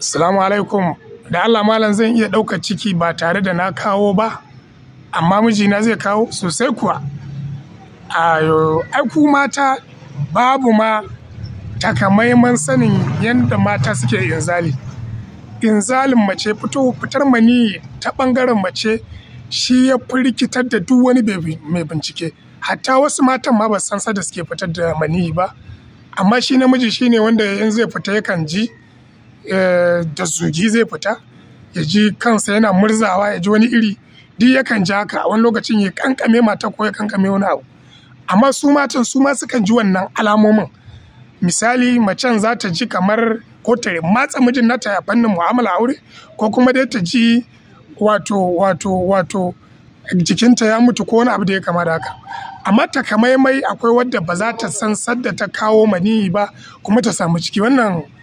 Assalamu alaikum. Da Allah malam zan iya ɗauka ciki ba tare da na kawo ba, amma mijina zai kawo sosai kuwa. Ayo, ai ku mata babu ma takamaiman sanin yadda mata suke inzali. Inzalin mace fito fitar mani ta ɓangaren mace shi ya fi da duk wani mai bincike. Hatta wasu matan ma ba san da suke fitar da mani ba, amma shi namiji shine wanda in zai fita yakan ji. Eh, da zugi zai fita ya ji kansa yana murzawa ya ji wani iri duk yakan ji haka wani lokacin ya kankame mata ko ya kankame wani abu amma su matan su ma sukan ji wannan alamomin misali macen za ta ji kamar ko ta matsa mijin nata ya fannin mu'amala aure ko kuma dai ta ji wato wato wato jikinta ya mutu ko wani abu da ya kama da haka amma takamaimai akwai wadda ba za ta san sadda ta kawo maniyi ba kuma ta samu ciki wannan